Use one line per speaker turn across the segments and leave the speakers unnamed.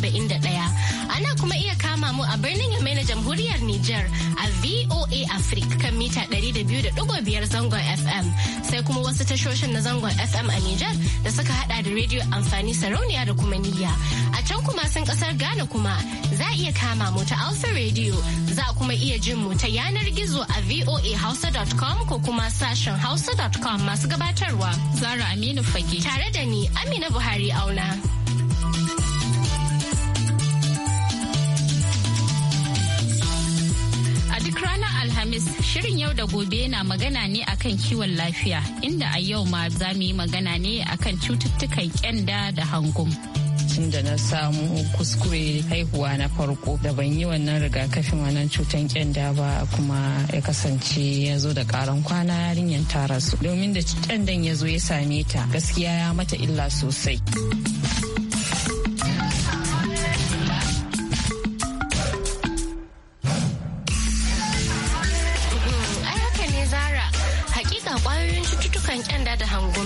41. Ana kuma iya kama mu a birnin Yamai na Jamhuriyar Nijar a VOA Africa kan mita 200.5 zangon FM. Sai kuma wasu tashoshin na zangon FM a Nijar da suka hada da rediyo amfani sarauniya da kuma niyya. A can kuma sun kasar Ghana kuma za iya kama mu ta Alpha Radio za kuma iya jin mu ta yanar gizo a voahausa.com ko kuma sashen hausa.com masu gabatarwa. Zara Aminu Fage. Tare da ni Amina Buhari Auna. Alhamis shirin yau da gobe na magana ne akan kiwon lafiya inda a yau ma za mu yi magana ne akan cututtukan kyanda da
hangum. tunda da na samu kuskure haihuwa na farko da ban yi wannan rigakafin wannan cutan kyanda ba kuma ya kasance ya zo da karan kwana yarinyar ta rasu domin da kyandan ya zo ya same ta gaskiya ya mata illa sosai.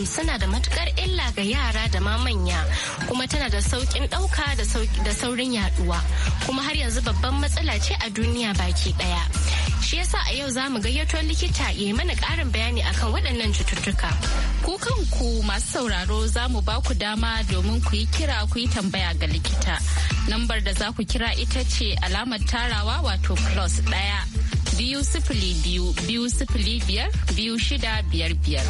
kondom suna da matukar illa ga yara da ma manya kuma tana da saukin ɗauka da saurin yaduwa kuma har yanzu babban matsala ce a duniya baki ɗaya. Shi yasa a yau za mu gayyato likita ya yi mana ƙarin bayani akan waɗannan cututtuka. Ku kanku masu sauraro za mu ba ku dama domin ku yi kira ku yi tambaya ga likita. Lambar da za ku kira ita ce alamar tarawa wato plus ɗaya biyu sifili biyu biyu sifili biyar biyu shida biyar biyar.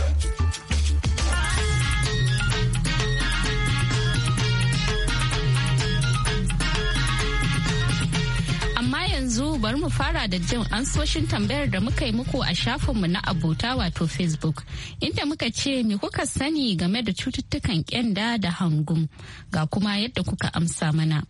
yanzu bari mu fara da jin ansoshin tambayar da muka yi muku a shafinmu na abota wato Facebook inda muka ce me kuka sani game da cututtukan kyanda da hangum ga kuma yadda kuka amsa mana.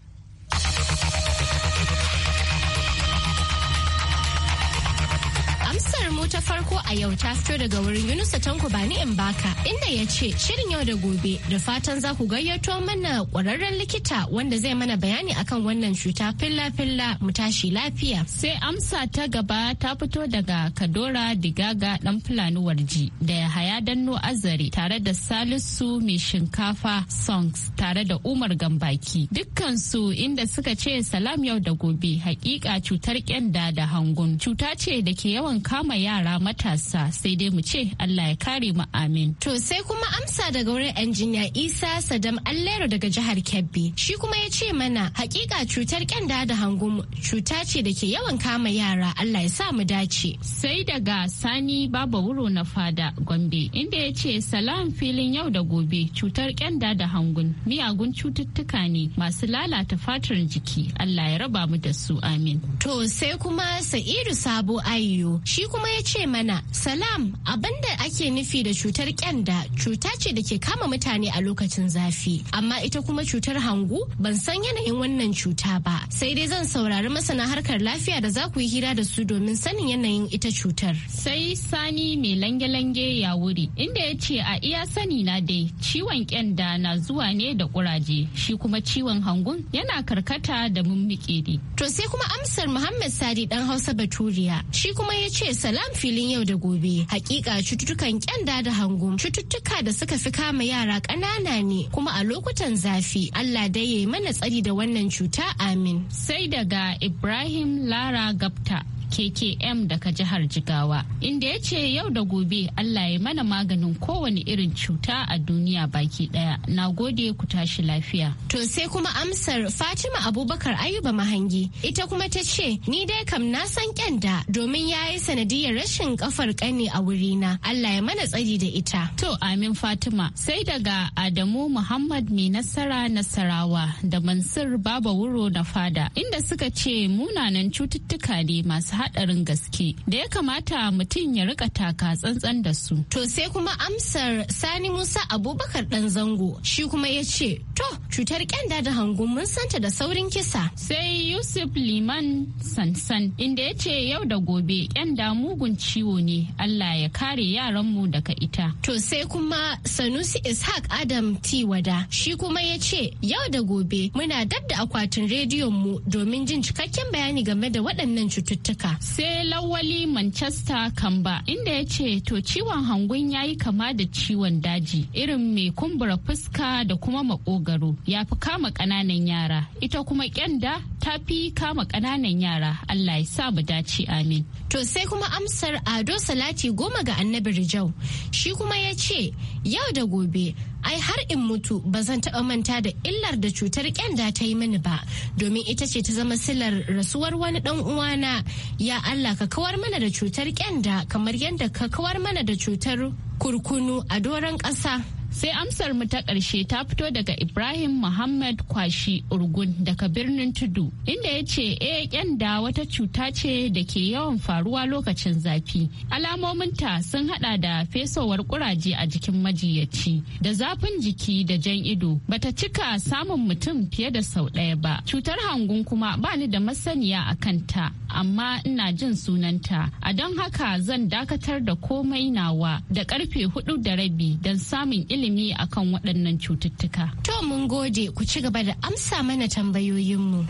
ta farko a yau ta fito daga wurin Yunusa Tanko Bani in baka inda ya ce shirin yau da gobe da fatan za ku gayyato mana kwararren likita wanda zai mana bayani akan wannan cuta filla-filla mu tashi lafiya. Sai amsa ta gaba ta fito daga Kadora Digaga dan Fulani Warji da Yahaya Danno Azare tare da Salisu mai shinkafa songs tare da Umar Gambaki dukkansu inda suka ce salam yau da gobe hakika cutar kyanda da hangun cuta ce da ke yawan kama yara yara matasa sai dai mu ce Allah ya kare mu amin. To sai kuma amsa daga wurin injiniya Isa Sadam Allero daga jihar Kebbi. Shi kuma ya ce mana hakika cutar kyanda da hangum cuta ce da ke yawan kama yara Allah ya sa mu dace. Sai daga Sani Baba Wuro na Fada Gombe inda ya ce salam filin yau da gobe cutar kyanda da hangun miyagun cututtuka ne masu lalata fatar jiki Allah ya raba mu da su amin. To sai kuma Sa'idu Sabo Ayyo shi kuma ya ce mana salam abinda ake nufi da cutar kyanda cuta ce da ke kama mutane a lokacin zafi amma ita kuma cutar hangu ban san yanayin wannan cuta ba sai dai zan saurari masana harkar lafiya da za ku yi hira da su domin sanin yanayin ita cutar sai sani mai lange-lange ya wuri inda ya ce a iya sani na dai ciwon kyanda na zuwa ne da kuraje shi kuma ciwon hangun yana karkata da mummikiri to sai kuma amsar muhammad sadi dan hausa baturiya shi kuma ya ce salam filin yau da gobe hakika cututtukan kan kyanda da hangu cututtuka da suka fi kama yara ƙanana ne kuma a lokutan zafi Allah dai ya yi mana tsari da wannan cuta amin. Sai daga Ibrahim Lara Gabta. KKM daga jihar Jigawa, inda ya ce yau da gobe Allah ya mana maganin kowane irin cuta a duniya baki ɗaya. Na gode ku tashi lafiya. To sai kuma amsar Fatima Abubakar Ayuba Mahangi, ita kuma ta ce, Ni dai kam na san kyanda domin ya yi sanadiyar rashin kafar kani a wurina. Allah ya mana tsari da ita. To amin Fatima, sai daga Adamu Muhammad mai nasara nasarawa da Mansur Baba Wuro na fada, inda suka ce munanan cututtuka ne masu haɗarin gaske da ya kamata mutum ya rika taka tsantsan da su. To sai kuma amsar Sani Musa Abubakar ɗan zango shi kuma ya ce to cutar kyanda da hangun mun santa da saurin kisa. Sai Yusuf Liman Sansan inda ya ce yau da gobe kyanda mugun ciwo ne Allah ya kare yaranmu daga ita. To sai kuma Sanusi Ishaq Adam wada shi kuma ya ce yau da gobe muna dab da akwatin rediyon mu domin jin cikakken bayani game da waɗannan cututtuka. Amurka. Sai Lawali Manchester Kamba inda ya ce to ciwon hangun ya yi kama da ciwon daji irin mai kumbura fuska da kuma makogaro ya fi kama ƙananan yara ita kuma kyanda ta fi kama ƙananan yara Allah ya sa mu dace amin. To sai kuma amsar Ado Salati goma ga annabi Rijau shi kuma ya ce yau da gobe ai har in mutu ba zan taɓa manta da illar da cutar kyanda ta yi mini ba domin ita ce ta zama silar rasuwar wani ɗan uwana ya Allah ka kawar mana da cutar kyanda kamar yadda ka kawar mana da cutar kurkunu a doron ƙasa Sai amsar mu ta ƙarshe ta fito daga Ibrahim Muhammad Kwashi Urgun daga birnin Tudu inda ya ce eh kyanda wata cuta ce da ke yawan faruwa lokacin zafi. Alamominta sun hada da fesowar kuraje a jikin majiyaci da zafin jiki da jan ido bata cika samun mutum fiye da sau ɗaya ba. Cutar hangun kuma ba ni da masaniya a kanta amma ina jin sunanta. A don haka zan dakatar da komai nawa da karfe hudu da rabi don samun ilimi akan waɗannan cututtuka. To mun gode ku ci gaba da amsa mana tambayoyinmu.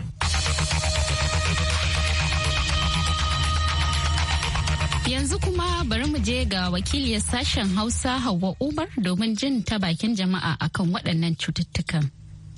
Yanzu kuma bari mu je ga wakiliyar sashen Hausa Hauwa Umar domin jin ta bakin jama'a akan waɗannan cututtukan.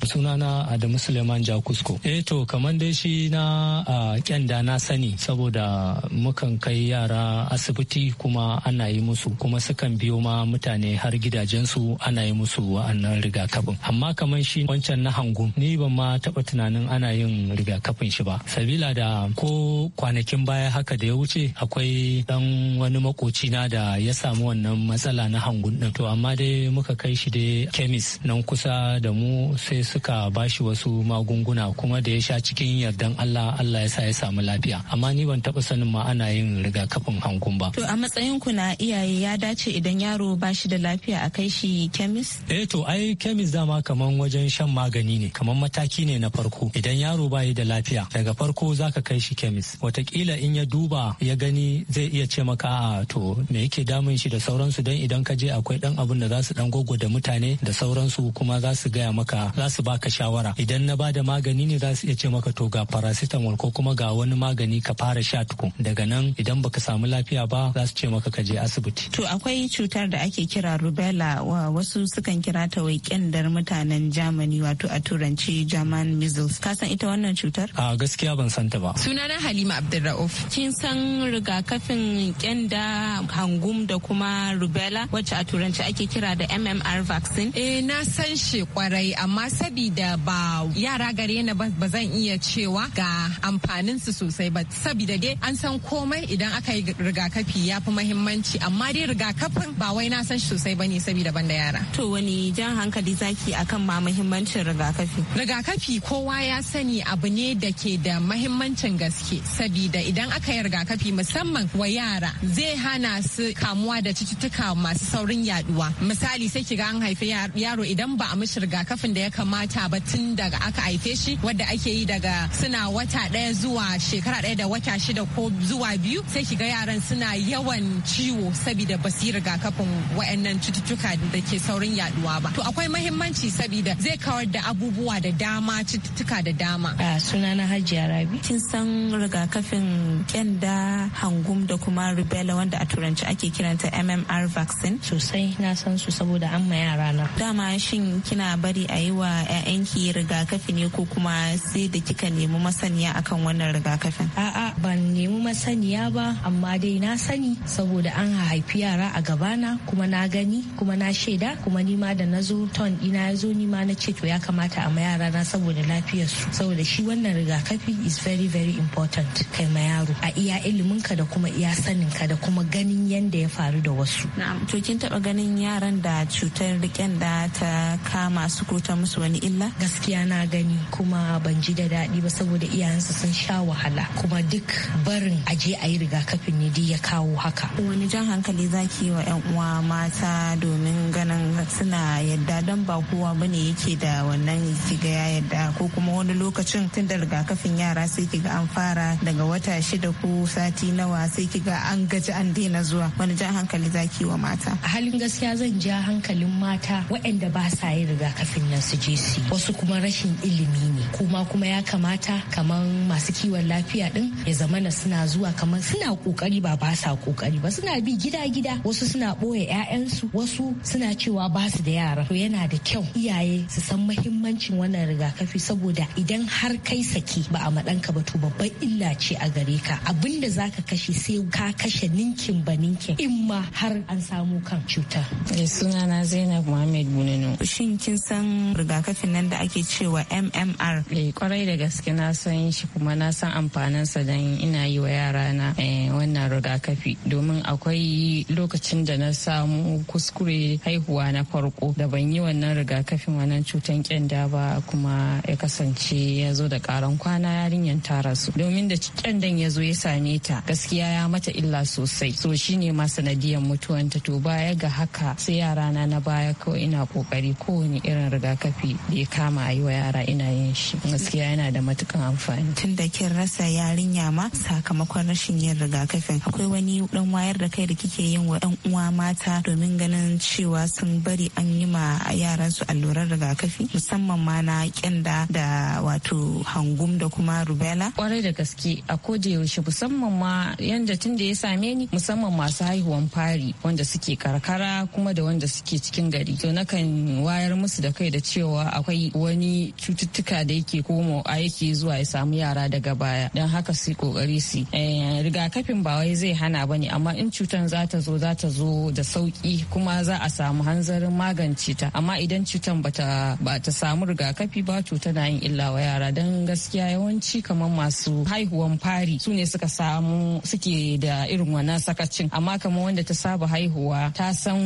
sunana Adamu Suleiman Jakusko. Eh to kamar dai shi na a kyanda na sani saboda mukan kai yara asibiti kuma ana yi musu kuma sukan biyo ma mutane har gidajensu ana yi musu wa'annan rigakafin. Amma kamar shi wancan na hangum ni ban ma taɓa tunanin ana yin rigakafin shi ba. Sabila da ko kwanakin baya haka da ya wuce akwai dan wani makoci na da ya samu wannan matsala na hangun din. To amma dai muka kai shi dai kemis nan kusa da mu sai suka bashi wasu magunguna kuma da ya sha cikin yardan Allah Allah ya sa ya samu lafiya amma ni ban taba sanin ma ana yin rigakafin hangun ba to a
matsayin ku na iyaye ya dace idan yaro bashi da lafiya a kai shi kemis
eh to ai kemis dama kaman wajen shan magani ne kaman mataki ne na farko idan yaro bai da lafiya daga farko zaka kai shi kemis watakila in ya duba ya gani zai iya ce maka a to me yake damun shi da sauransu don idan ka je akwai dan abun da za su dan gogo da mutane da sauransu kuma za su gaya maka za su baka shawara idan na bada magani ne za su iya ce maka to ga paracetamol ko kuma ga wani magani ka fara sha tukun daga nan idan baka samu lafiya ba za su ce maka ka je asibiti to akwai
cutar da ake kira rubella wa wasu sukan kira ta waikendar mutanen germany wato a turanci german measles ka san ita wannan cutar
a gaskiya ban ta ba
sunana halima abdulrauf kin san rigakafin kyanda hangum da kuma rubella wacce a turanci ake kira da mmr vaccine eh na san shi kwarai amma sabida ba yara gare na ba zan iya cewa ga amfanin su sosai ba sabida dai an san komai idan aka yi rigakafi ya fi mahimmanci amma dai rigakafin ba wai na san shi sosai ba ne sabida ban da yara. To wani jan hankali zaki akan ma mahimmancin rigakafi. Rigakafi kowa ya sani abu ne da ke da mahimmancin gaske sabida idan aka yi rigakafi musamman wa yara zai hana su kamuwa da cututtuka masu saurin yaduwa misali sai ki ga an haifi yaro idan ba a mishi rigakafin da ya kama. mata ba tun daga aka haife shi wadda ake yi daga suna wata ɗaya zuwa shekara ɗaya da wata shida ko zuwa biyu sai ki ga yaran suna yawan ciwo saboda ba yi rigakafin waɗannan cututtuka da ke saurin yaduwa ba. To akwai mahimmanci saboda zai kawar da abubuwa da dama cututtuka da dama. A sunana Hajiya Rabi. Kin san rigakafin kyanda hangum da kuma rubella wanda a turanci ake kiranta MMR vaccine. Sosai na san su saboda an ma yara na. Dama shin kina bari a yi wa ƴaƴanki rigakafi ne ko kuma sai da kika nemi masaniya akan wannan rigakafin? A'a ban nemi masaniya ba amma dai na sani saboda an haifi yara a gabana kuma na gani kuma na shaida kuma nima da na zo ton ina ya zo nima na ce to ya kamata a yara na saboda su saboda shi wannan rigakafi is very very important kai ma yaro a iya ilimin ka da kuma iya sanin ka da kuma ganin yanda ya faru da wasu. Na'am to kin taba ganin yaran da cutar riken da ta kama su ko ta musu wani wani illa gaskiya na gani kuma ban ji da daɗi ba saboda iyayensu sun sha wahala kuma duk barin aje a yi rigakafin ne dai ya kawo haka wani jan hankali za zaki wa yan uwa mata domin ganin suna yadda don ba kowa ne yake da wannan kiga ya yadda ko kuma wani lokacin tun da rigakafin yara sai kiga an fara daga wata shida ko sati nawa sai kiga an gaji an daina zuwa wani jan hankali za zaki wa mata a halin gaskiya zan ja hankalin mata waɗanda ba sa yin rigakafin nan su je wasu kuma rashin ilimi ne kuma kuma ya kamata kamar masu kiwon lafiya din ya zamana suna zuwa kamar suna kokari ba ba sa kokari ba suna bi gida gida wasu suna boye ƴaƴansu wasu suna cewa ba su da yara to yana da kyau iyaye su san mahimmancin wannan rigakafi saboda idan har kai saki ba a maɗanka ba to babban illa ce a gare ka abin da zaka kashe sai ka kashe ninkin ba ninkin in ma har an samu kan cuta.
Eh, sunana Zainab Muhammad Bunano shin kin san rigakafi rigakafin nan da ake cewa MMR. Eh kwarai da gaske na san shi kuma na san amfanin sa dan ina yi wa yara na eh, wannan rigakafi domin akwai lokacin da na samu kuskure haihuwa na farko da ban yi wannan rigakafin wannan cutan kyanda ba kuma ya kasance ya zo da karan kwana yarinyar ta rasu domin da kyandan ya zo ya same ta gaskiya ya mata illa sosai so shine ma sanadiyar mutuwanta to baya ga haka sai yara na na baya kawai ina kokari kowane irin rigakafi da ya kama a yi wa yara ina yin shi gaskiya yana da matukan amfani tun da kin rasa yarinya ma
sakamakon rashin yin rigakafin akwai wani dan wayar da kai da kike yin wa yan uwa mata domin ganin cewa sun bari an yi ma yaran su alluran rigakafi musamman ma na
kyanda da wato hangum da kuma rubella kwarai da gaske a koda yaushe musamman ma yanda tun da ya same ni musamman masu haihuwan fari wanda suke karkara kuma da wanda suke cikin gari to nakan wayar musu da kai da cewa cewa akwai wani cututtuka da yake komo a yake zuwa ya samu yara daga baya don haka su kokari su eh, rigakafin ba wai zai hana ba ne amma in cutan za ta zo za ta zo da sauki kuma za a samu hanzarin magance ta amma idan cutan ba ta samu rigakafi ba to tana yin illa wa yara don gaskiya yawanci kamar masu haihuwan fari su ne suka samu suke da irin wannan sakacin amma kamar wanda ta saba haihuwa ta san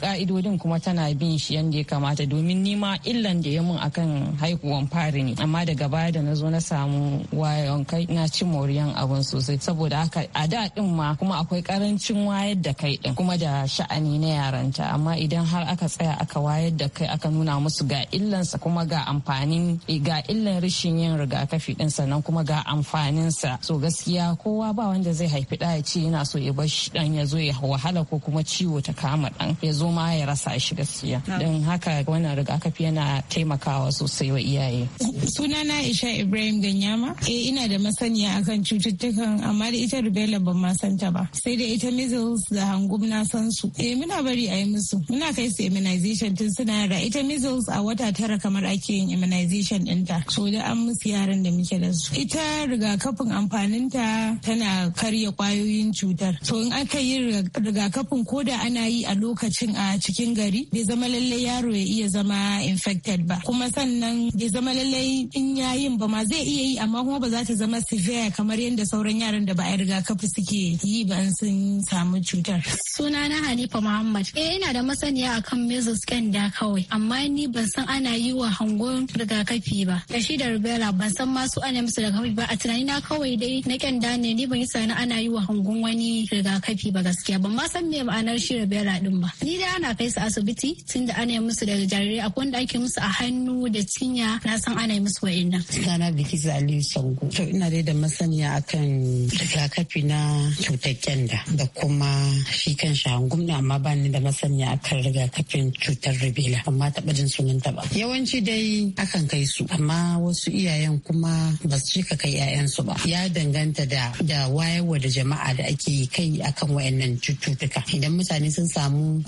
ka'idodin kuma tana bin shi yadda ya kamata domin nima illa illan da ya mun akan haihuwan fari ne amma daga baya da na zo na samu wayon kai na ci moriyan abun sosai saboda haka a da din ma kuma akwai karancin wayar da kai din kuma da sha'ani na yaranta amma idan har aka tsaya aka wayar da kai aka nuna musu ga illansa kuma ga amfanin eh, ga illan rashin yin rigakafi din sannan kuma ga amfaninsa so gaskiya kowa ba wanda zai haifi da ce yana so ya bar shi dan ya zo ya wahala ko kuma ciwo ta kama dan ya zo ma ya rasa shi gaskiya din haka wannan rigakafi yana taimakawa sosai wa iyaye.
Sunana Isha Ibrahim Ganyama. Eh ina da masaniya akan cututtukan amma da ita rubella ban ma san ta ba. Sai da ita measles da hangum na san su. Eh muna bari a yi musu. Muna kai su immunization tun suna da Ita measles a wata tara kamar ake yin immunization ɗinta. So da an musu yaran da muke da su. Ita rigakafin amfaninta tana karya kwayoyin cutar. to in aka yi rigakafin koda ana yi a lokacin a cikin gari bai zama lallai yaro ya iya zama infected affected ba kuma sannan ya zama lallai in ya yayin ba ma zai iya yi amma kuma ba za ta zama severe kamar yadda sauran yaran da ba a riga kafi suke yi ba an sun samu cutar. suna na Hanifa Muhammad.
Eh ina da masaniya akan measles da kawai amma ni ban san ana yi wa hangon rigakafi ba. Da shi da rubella ban san ma su ana musu rigakafi ba a tunani na kawai dai na kyanda ne ni ban yi sani ana yi wa hangon wani rigakafi ba gaskiya ban ma san me ma'anar shi rubella din ba.
Ni dai ana kai su asibiti tunda ana yi musu da jarirai akwai wanda ake musu musu a hannu da cinya na san ana yi musu wa'annan. Sana biki zali sango. To ina dai da masaniya akan rigakafi na cutar kyanda da kuma shi kan shi ne amma bani da masaniya akan rigakafin cutar rubela amma taɓa jin sunan taɓa. Yawanci dai akan kai su amma wasu iyayen kuma ba su cika kai 'ya'yansu ba. Ya danganta da da wayarwa da jama'a da ake kai akan nan cututtuka. Idan mutane sun samu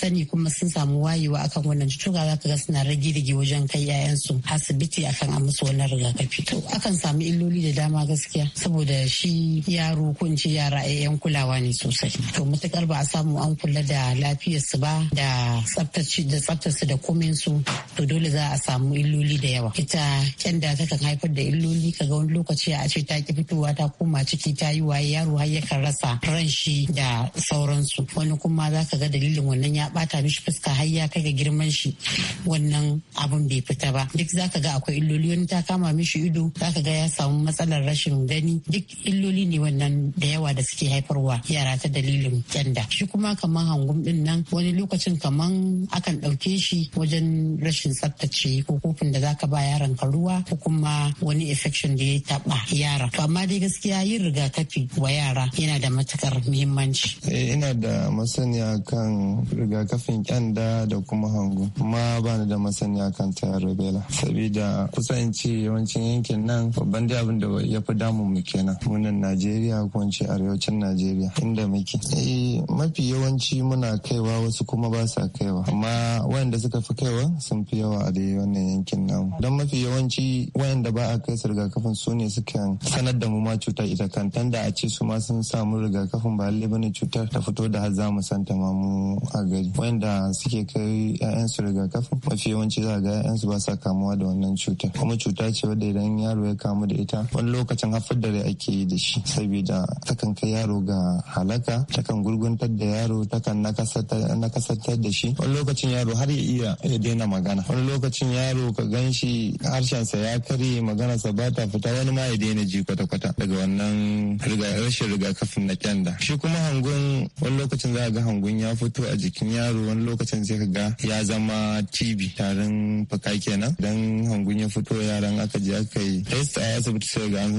sani kuma sun samu wayewa akan wannan cututtuka za ka ga suna rage-rage wajen kai 'ya'yansu asibiti akan a musu wannan rigakafi to akan samu illoli da dama gaskiya saboda shi yaro ko ce yara 'ya'yan kulawa ne sosai to matukar ba a samu an kula da lafiyarsu ba da tsaftace da tsaftarsu da komen su to dole za a samu illoli da yawa ita kyanda takan haifar da illoli ka ga wani lokaci a ce ta ki fitowa ta koma ciki ta yi waye yaro har yakan rasa ran shi da sauransu wani kuma za ka ga dalilin wannan ya bata mishi fuska har ya kai ga girman shi wannan nan abun bai fita ba duk za ka ga akwai illoli wani ta kama mishi ido za ka ga ya samu matsalar rashin gani duk illoli ne wannan da yawa da suke haifarwa yara ta dalilin kyanda shi kuma kamar hangum din nan wani lokacin kaman akan ɗauke shi wajen rashin tsaftace ko kofin da za ka ba yaron ka ruwa ko kuma wani infection da ya taɓa yara to amma dai gaskiya yin rigakafi wa yara yana da matukar muhimmanci
eh, ina da masaniya kan rigakafin kyanda da kuma hangu amma ba ni da masaniya kan tayar bela. sabida kusan yawancin yankin nan babban da abin da ya fi damu mu kenan munan najeriya ko ce arewacin najeriya inda muke eh mafi yawanci muna kaiwa wasu kuma ba sa kaiwa amma wayanda suka fi kaiwa sun fi yawa a dai wannan yankin nan. don mafi yawanci wayanda ba a kai su rigakafin su ne suke sanar da mu ma cutar ita kan tanda a ce su ma sun samu rigakafin ba lalle bane cutar ta fito da har za mu santa ma mu a gari wayanda suke kai su rigakafin mafi mafi yawanci za ga yan ba sa kamuwa da wannan cutar kuma cuta ce wadda idan yaro ya kamu da ita wani lokacin haifar da rai ake yi da shi saboda takan kai yaro ga halaka takan gurguntar da yaro takan nakasantar da shi wani lokacin yaro har ya iya ya daina magana wani lokacin yaro ka gan shi harshensa ya karye maganarsa ba ta fita wani ma ya daina ji kwata-kwata daga wannan rashin rigakafin na kyanda shi kuma hangun wani lokacin za ga hangun ya fito a jikin yaro wani lokacin sai ka ga ya zama tb tarin faka kenan dan hangun ya fito yaran aka je aka yi test a asibiti sai ga an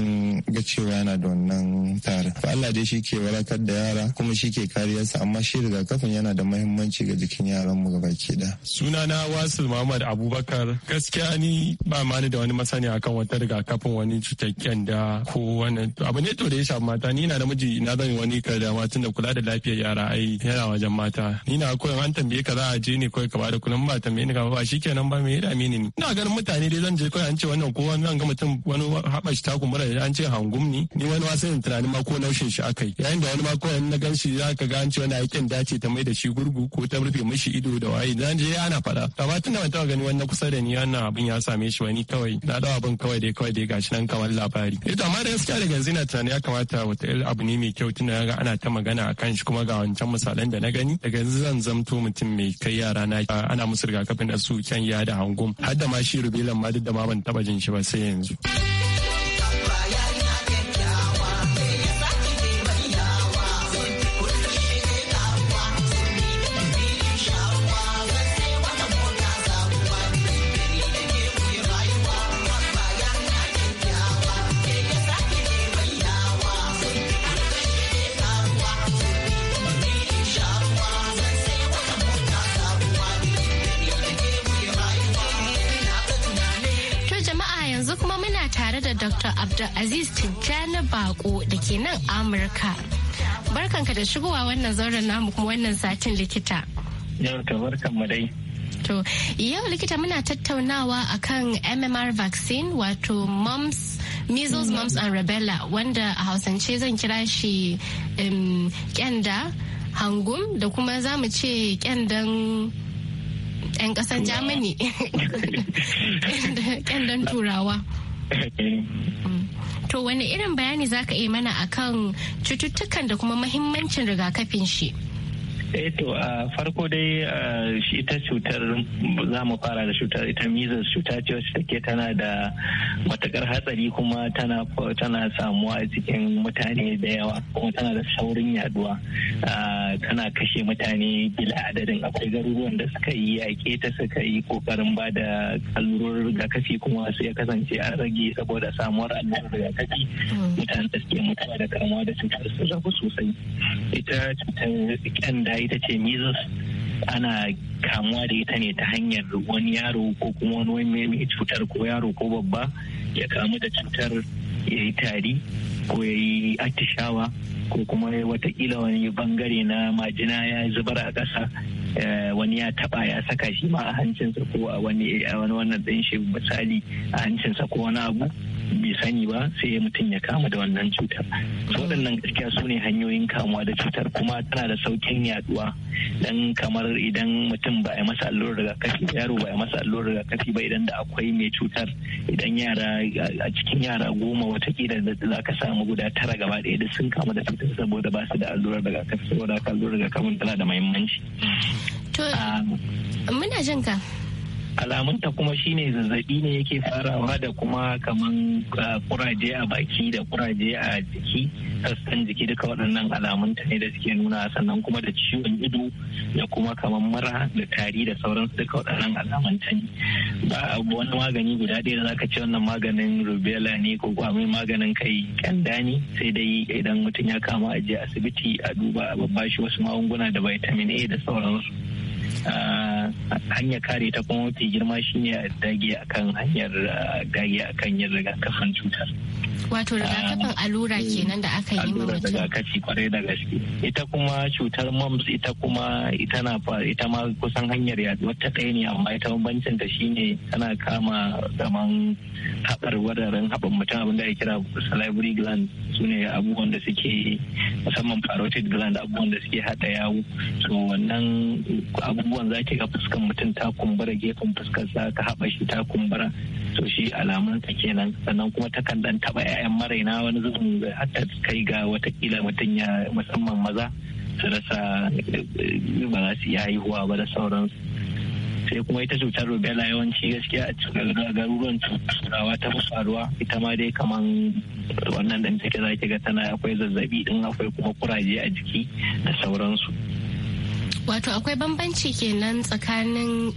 ga cewa yana da wannan tarin fa Allah dai shi ke warakar da yara kuma shi ke kariyarsa amma shi rigakafin yana da muhimmanci ga jikin yaran mu gaba ke da
sunana Wasil Muhammad Abubakar gaskiya ni ba ma ni da wani masani akan wata rigakafin wani cutakken da ko wani abu ne to da ya shafi mata ni na namiji na zan wani kadama tun da kula da lafiyar yara ai yana wajen mata ni na koyon an tambaye ka za a je ne kawai ka bada kullum ba tambaye ni ka ba kenan ba me ya dame ni ina ganin mutane dai zan je kai an ce wannan ko wannan ga mutum wani haɓa shi taku mura an ce hangum ni ni wani wasa yin tunanin ma ko naushin shi akai yayin da wani ma ko na gan shi za ka ga an ce wani aikin dace ta mai da shi gurgu ko ta rufe mishi ido da waye zan je ana faɗa amma tun da ban taɓa gani wani kusa da ni wannan abin ya same shi wani kawai na dawa abin kawai dai kawai dai gashi nan kamar labari ita eh amma da gaskiya da ganzi na tunanin ya kamata wata abu ne mai kyau tunda ga ana ta magana akan shi kuma ga wancan misalan da na gani daga yanzu zan zamto mutum mai kai yara na ana musu rigakafin da su duken ya da hangum har da ma shi rubilan ma duk da ma ban taba jin shi ba sai yanzu.
yanzu kuma muna tare da Dr. Abdulaziz Tijjani Bako da ke nan Amurka. Barkanka da shigowa wannan zauren namu kuma wannan satin likita.
Yau barkan mu dai.
To, yau likita muna tattaunawa akan MMR vaccine wato mumps measles mumps and rubella wanda a hausance zan kira shi kyanda hangum da kuma za mu ce kyandan 'yan kasan germany ƙyandan turawa mm. to wani irin bayani za ka iya mana akan cututtukan da kuma mahimmancin rigakafin shi
Eto, eh to a farko dai ita cutar za mu fara da cutar ita measles cuta ce wacce take tana da matakar hatsari kuma tana tana samuwa a cikin mutane da yawa kuma tana da saurin yaduwa tana kashe mutane bila adadin akwai garuruwan da suka yi yaƙe ta suka yi kokarin ba da allurar rigakafi kuma su ya kasance a rage saboda samuwar allurar rigakafi mutane da suke mutuwa da kamuwa da cutar rabu sosai ita cutar ita ce measles ana kamuwa da ita ne ta hanyar wani yaro ko kuma wani mai cutar ko yaro ko babba ya kamu da cutar ya yi tari ko ya yi atishawa ko kuma watakila wani bangare na majina ya zubar a ƙasa eh, wani ya taba ya saka shi ma a hancinsa ko a wani wannan ɗin shi misali a hancinsa ko wani abu bai sani ba sai mutum ya kama da wannan cutar waɗannan gaskiya su ne hanyoyin kamuwa da cutar kuma tana da saukin yaduwa dan kamar idan mutum ba a masa allurar rigakafi yaro ba a masa allurar rigakafi ba idan da akwai mai cutar idan yara a cikin yara goma watakila da za ka samu guda tara gaba ɗaya da sun kama da cutar saboda ba su da allurar rigakafi saboda allurar rigakafin tana da muhimmanci.
Ah, muna jin
alamunta kuma shine zazzabi ne yake farawa da kuma kaman ah, kuraje a baki da kuraje a jiki sassan jiki duka waɗannan alamunta ne da suke nuna sannan kuma da ciwon ido da kuma kaman mura da tari da sauransu duka waɗannan alamunta ne ba wani magani guda ɗaya da zaka ce wannan maganin rubella ne ko kuma maganin kai kanda ne sai dai idan mutum ya kama a je asibiti a duba a babbashi wasu magunguna da vitamin A da sauransu hanyar kare ta kuma mafi girma shine a dage a kan hanyar dage kan yin rigakafin cutar
wato rigakafin allura kenan da aka yi allura
rigakafi kwarai da gaske ita kuma cutar mumps ita kuma ita na ita ma kusan hanyar yaduwar ta ɗaya ne amma ita bambancin ta shine tana kama zaman haɓar wadarin haɓar mutum abinda ya kira salivary gland su ne abubuwan da suke musamman parotid gland abubuwan da suke haɗa yawo so wannan abubuwan abubuwan za ki ga fuskan mutum ta kumbura gefen fuskarsa ka haɓa shi ta kumbura to shi alamunsa kenan sannan kuma takan dan taɓa 'ya'yan maraina wani zubin hatta kai ga watakila mutum ya musamman maza su rasa ba za su iya haihuwa ba da sauransu sai kuma ita cutar rubella yawanci gaskiya a cikin garuruwan turawa ta fi faruwa ita ma dai kaman wannan da ke za ki ga tana akwai zazzabi din akwai kuma kuraje a jiki da sauransu.
wato akwai bambanci kenan tsakanin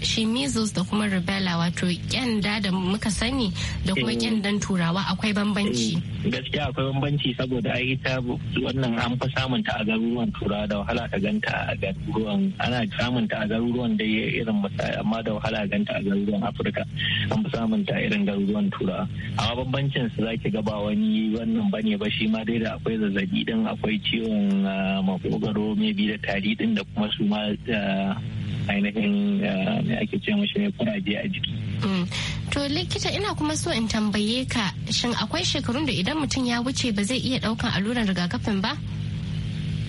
shi measles da kuma rubella wato kyanda da muka sani da kuma kyandan eh. turawa akwai bambanci
eh, gaskiya akwai bambanci saboda ai ta wannan an fa samun ta a garuruwan turawa da wahala ta ganta a garuruwan ana samun ta a garuruwan da irin amma da wahala ganta a garuruwan afirka an fi samun ta irin garuruwan turawa amma bambancin su zaki ga ba wani wannan bane ba shi ma dai da akwai zazzabi din akwai ciwon ah, makogaro bi da tari din da kuma su ma eh, ainihin eh, mai ake ce mashi ne kuraje a jiki.
Mm. To likita ina kuma so in tambaye ka shin akwai shekarun da idan mutum ya wuce ba zai iya daukan alluran rigakafin ba?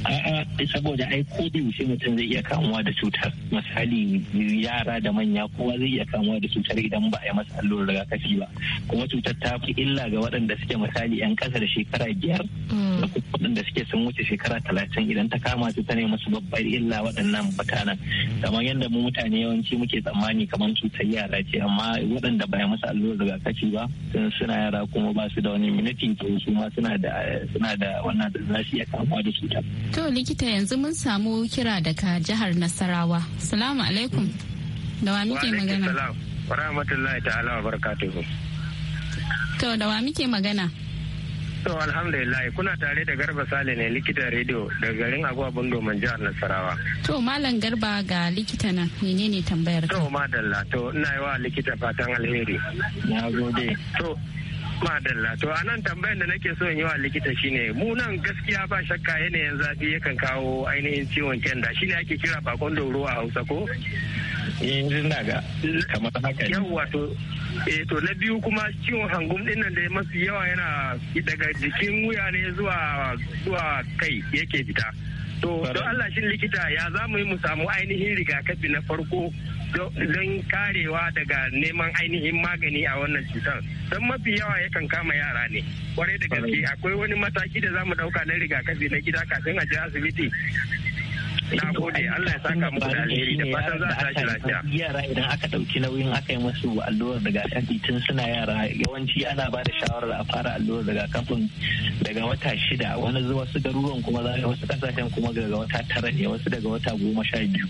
A'a saboda ai ko da yaushe mutum zai iya kamuwa da cutar misali yara da manya kowa zai iya kamuwa da cutar idan ba a yi masa allurar rigakafi ba kuma cutar ta fi illa ga waɗanda suke misali yan ƙasa da shekara biyar da mm. kuma waɗanda suke sun wuce shekara talatin idan ta kama su ta ne musu babbar illa waɗannan mutanen kamar yadda mu mutane yawanci muke tsammani kamar cutar yara ce amma waɗanda ba a yi masa allurar rigakafi ba sun suna yara kuma ba su da wani minitin ke su ma suna da
wannan da za su iya kamuwa da cutar.
To likita yanzu mun samu kira daga jihar Nasarawa. Salamu alaikum. Da wa muke magana?
Wa rahmatullahi ta'ala wa barakatuhu.
To da wa muke magana?
To alhamdulillah kuna tare da Garba Sale ne likita rediyo daga garin Agwabun Domin jihar Nasarawa.
To Malam Garba ga likita na menene tambayar ka? To
madalla to ina yi wa likita fatan alheri. Na gode. To Madalla to a nan tambayar da nake so in yi wa likita shine mu nan gaskiya ba shakka yanayin zafi yakan kawo ainihin ciwon kyanda shine ake kira bakon doro a Hausa ko? yanzu eh, na ga kamar haka yawa to eh to na biyu kuma ciwon hangum din nan da masu yawa yana daga jikin wuya ne zuwa zuwa kai yake fita to don Allah shi likita ya za mu yi mu samu ainihin rigakafi na farko don karewa daga neman ainihin magani a wannan cutar don mafi yawa yakan kama yara ne kwarai da gaske akwai wani mataki da za mu dauka na rigakafi na gida kafin a je asibiti na gode Allah ya saka da alheri da fatan za a tashi lafiya yara idan
aka dauki nauyin aka yi musu allurar rigakafi tun suna yara yawanci ana ba da shawarar a fara allurar kafin daga wata shida wani zuwa su garuruwan kuma za wasu kasashen kuma daga wata tara ne wasu daga wata goma sha biyu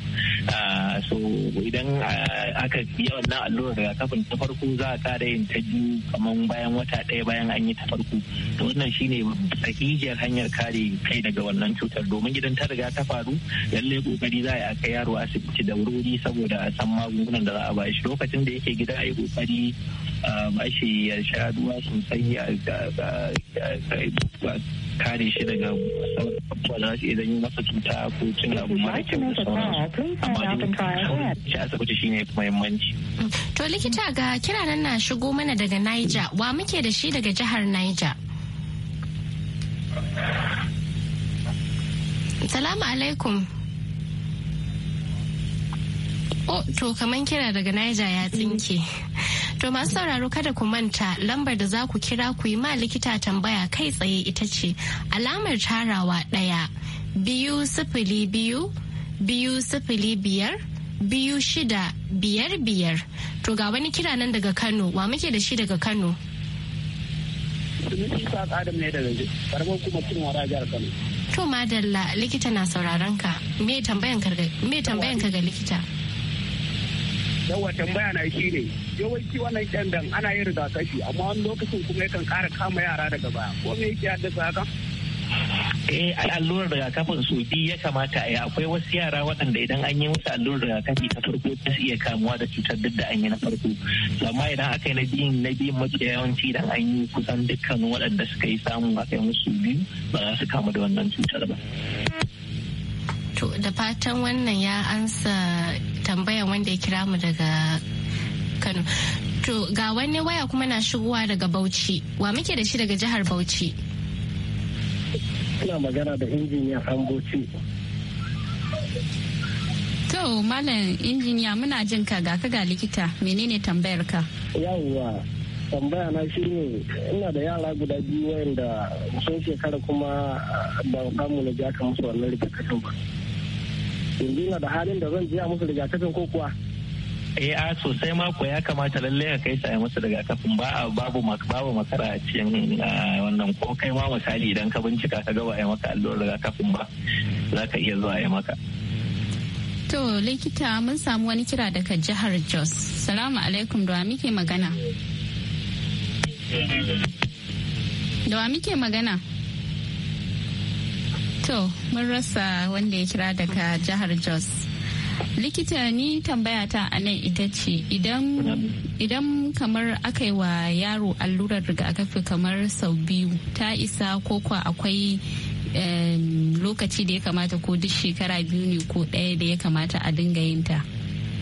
ah, so idan ah, aka yi wannan allurar rigakafin ta farko za a kara yin ta biyu kamar bayan wata ɗaya bayan an yi ta farko to wannan shine sahihiyar hanyar kare kai daga wannan cutar domin idan ta riga ta faru lalle kokari za a kai yaro asibiti da wuri saboda a san magungunan da za a bashi lokacin da yake gida a yi kokari bashi ya sha ruwa sosai a kare shi daga abubuwa da idan yi masa cuta ko cin abu mara kyau da sauransu amma da shi shi ne muhimmanci.
to likita ga kira nan na shigo mana daga niger wa muke da shi daga jihar niger. Salamu alaikum. Oh, to kaman kira daga Niger ya tsinke. To masu sauraro kada ku manta lambar da za ku kira ku yi ma likita tambaya kai tsaye ita ce alamar tarawa ɗaya biyu sifili biyu biyu sifili biyar biyu shida biyar biyar. To ga wani kira nan daga Kano wa muke da shi daga Kano.
Isa Adam ne daga karamar kuma cin wara jihar Kano.
To madalla likita na sauraron ka me tambayan ka ga likita?
yawa tambaya na shi ne yawanci wannan kyandan ana yin rigakafi amma wani lokacin kuma yakan kara kama yara daga baya ko me yake haddasa haka
eh ai allurar rigakafin su biyu ya kamata a akwai wasu yara waɗanda idan an yi musu allurar rigakafi ta farko ta iya kamuwa da cutar duk da an yi na farko amma idan aka yi na biyun na biyun mafi yawanci idan an yi kusan dukkan waɗanda suka yi samun aka yi musu biyu ba za su kamu da wannan cutar ba
To da fatan wannan ya ansa tambayan wanda ya kira mu daga Kano. To ga wani waya kuma na shigowa daga Bauchi. Wa muke da shi daga jihar Bauchi?
Ina magana da injiniya an Bauchi.
To malam injiniya muna jin ka ga ka ga likita menene tambayar ka?
Yawwa tambaya na shi ne ina da yara guda biyu wayanda sun shekara kuma ah, ba samu na jaka musu wannan rigakafin ba. in ina da halin da zan je a musu rigakafin ko kuwa
eh a sosai mako ya kamata lalle ka kai sa musu rigakafin ba a babu babu makara a cikin wannan ko kai ma misali idan ka bincika ka ga ba a yi maka allurar rigakafin ba za ka iya zuwa a yi maka
To likita mun samu wani kira daga jihar Jos. Salamu alaikum da muke magana. Da muke magana? To, mun rasa wanda ya kira daga jihar Jos. Likita ni tambaya ta a nan ita ce idan kamar aka yi wa yaro allurar rigakafi kamar sau biyu ta isa ko kwa akwai lokaci da ya kamata ko duk shekara biyu ne ko ɗaya da ya kamata a dinga yin ta.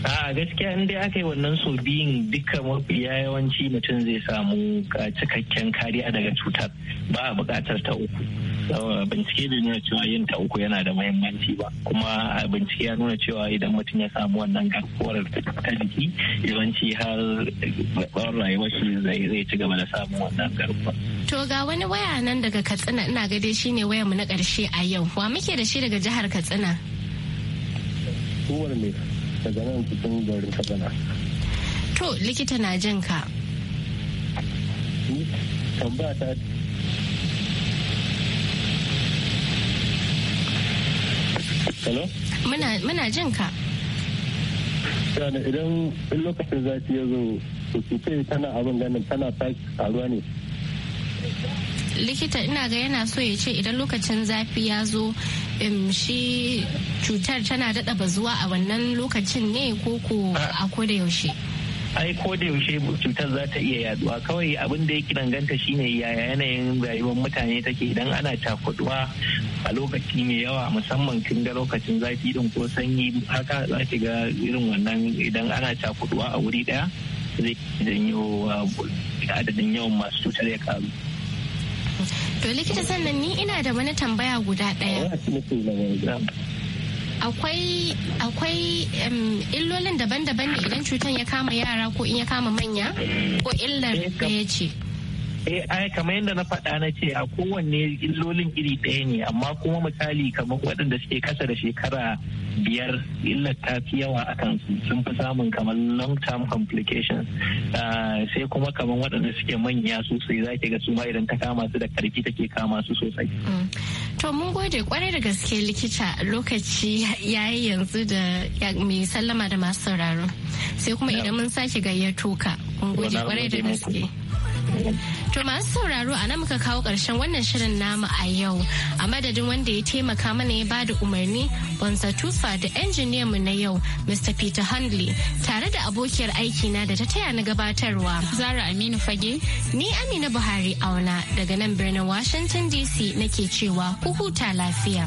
a gaskiya inda aka yi wannan sau biyun duka mafiya yawanci mutum zai samu ah, cikakken kariya daga cutar ba a bukatar ta uku bincike bai nuna cewa yin ta uku yana da muhimmanci ba kuma bincike ya nuna cewa idan mutum ya samu wannan garkuwar ta jiki yawanci har tsawon rayuwar shi zai ci gaba da samun wannan garkuwar.
To ga wani waya nan daga Katsina ina gade shi ne mu na ƙarshe a yau. Wa muke da shi daga jihar Katsina?
Kowar ne daga nan cikin garin Katsina.
To likita na jin ka. Tambaya ta Muna jin ka.
Yana idan in lokacin zafi ya zo cutar tana abin ganin tana ta karuwa ne.
Likita ina ga yana so ya ce idan lokacin zafi ya zo shi cutar tana daɗa bazuwa a wannan lokacin ne ko ko a koda yaushe.
ai ko da yaushe cutar za ta iya yaduwa kawai abin da yake danganta shine yaya yanayin rayuwar mutane take idan ana cakuduwa a lokaci mai yawa musamman kin ga lokacin zafi din ko sanyi haka za ki ga irin wannan idan ana cakuduwa a wuri daya zai janyo ah, adadin yawan masu cutar ya karu
to likita sannan ni ina da wani tambaya guda daya akwai illolin daban-daban ne idan cutar ya kama yara ko in ya kama manya ko illar eh, ɗaya ce
eh, ai kamar yadda na faɗa na ce a kowanne illolin iri ɗaya ne amma kuma misali kamar waɗanda suke kasa da shekara biyar illar ta fi yawa a kansu sun fi samun kamar long term complications ah, sai kuma kamar waɗanda suke manya sosai za ga su ma idan ta kama su da karfi take kama su sosai.
Mm. To mun gode kwarai da gaske likita lokaci ya yi yanzu da mai sallama da masu sauraro sai kuma idan mun sake gayyato ka mun gode kwarai da gaske. To masu sauraro a nan muka kawo ƙarshen wannan shirin namu a yau. A madadin wanda ya taimaka mana ya bada umarni, Bonsa Tufa da mu na yau, Mr. Peter Handley, tare da abokiyar aikina da ta taya na gabatarwa. Zara Aminu Fage. Ni Amina Buhari auna daga nan birnin Washington DC nake cewa ku huta lafiya.